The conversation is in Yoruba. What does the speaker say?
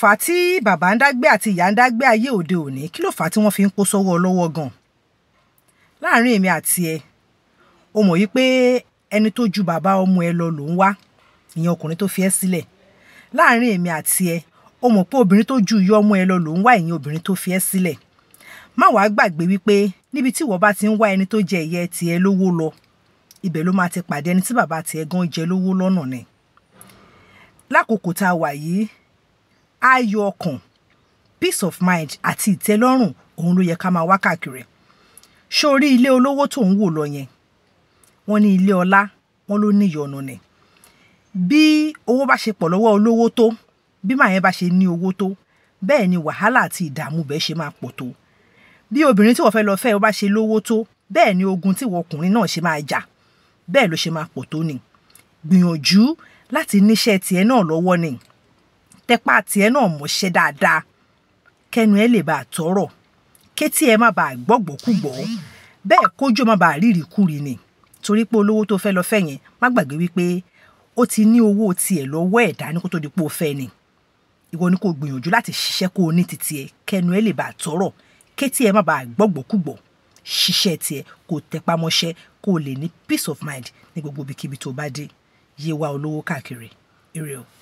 fà á tí bàbá ń dágbé àti ìyá ń dágbé ayé òde òní kí ló fà á tí wọ́n fi ń kó sọ́wọ́ ọlọ́wọ́ gan láàrin èmi àti ẹ o mọ̀ yìí pé ẹni tó ju bàbá ọmọ ẹ lọ ló ń wá ìyẹn ọkùnrin tó fi ẹ́ sílẹ̀ láàrin èmi àti ẹ o mọ̀ pé obìnrin tó ju ìyá ọmọ ẹ lọ ló ń wá ìyẹn obìnrin tó fi ẹ́ sílẹ̀ má wàá gbàgbé wípé níbi tí ìwọ bá ti ń wá ẹni tó jẹ ìyá tiẹ̀ lówó lọ ibẹ̀ ló máa ti pàdé ẹni tí bàbá tiẹ̀ gan jẹ lówó lọ́nà ni lákòókò tá a wà yìí ayọ̀ ọkàn peace of mind àti ìtẹ́lọ́rùn òun ló yẹ ká máa wá káàkiri sórí ilé olówó tó ń wò lọ yẹn wọ́n ní ilé ọlá wọ́n ló ní ìyọnu ni bí owó bá ṣe pọ̀ lọ́wọ́ olówó tó bí màá yẹn bá ṣe ní owó tó bẹ́ẹ̀ ni wàhálà àti ìdààmú bẹ́ẹ̀ ṣe máa pọ̀ tó bí obìnrin tí wọ́n fẹ́ lọ fẹ́ ọ bá ṣe lówó tó bẹ́ẹ̀ ni ogun tí wọ́n ọkùnrin náà ṣe máa jà bẹ́ẹ̀ ló ṣe máa pọ̀ tó ni gbìyànjú láti níṣẹ́ tiẹ̀ náà lọ́wọ́ ni tẹpá tiẹ̀ náà mọ̀ṣẹ́ dáadáa kẹnu ẹ lè bá a tọrọ kétí ẹ má bá a gbọ́gbọ́kúgbọ́ bẹ́ẹ̀ kójú má bá a rírì kúrì ni torí pé olówó tó fẹ́ lọ fẹ́ yẹn má gbàgbé wípé ó ti ní owó tiẹ̀ lọ́wọ́ ẹ̀ dání kó tó di pé ó fẹ́ ni ìwọ ni kò gbìyànjú láti ṣiṣẹ́ kó o ní titi ẹ kẹnu ẹ lè bá a tọrọ kétí ẹ má bá a gbọ́gbọ́kúgbọ́ ṣiṣẹ́ tiẹ̀ kó o tẹpá kó o lè ní peace of mind ní gbogbo ibikíbi tó bá dé yé wa olówó káàkiri ire o.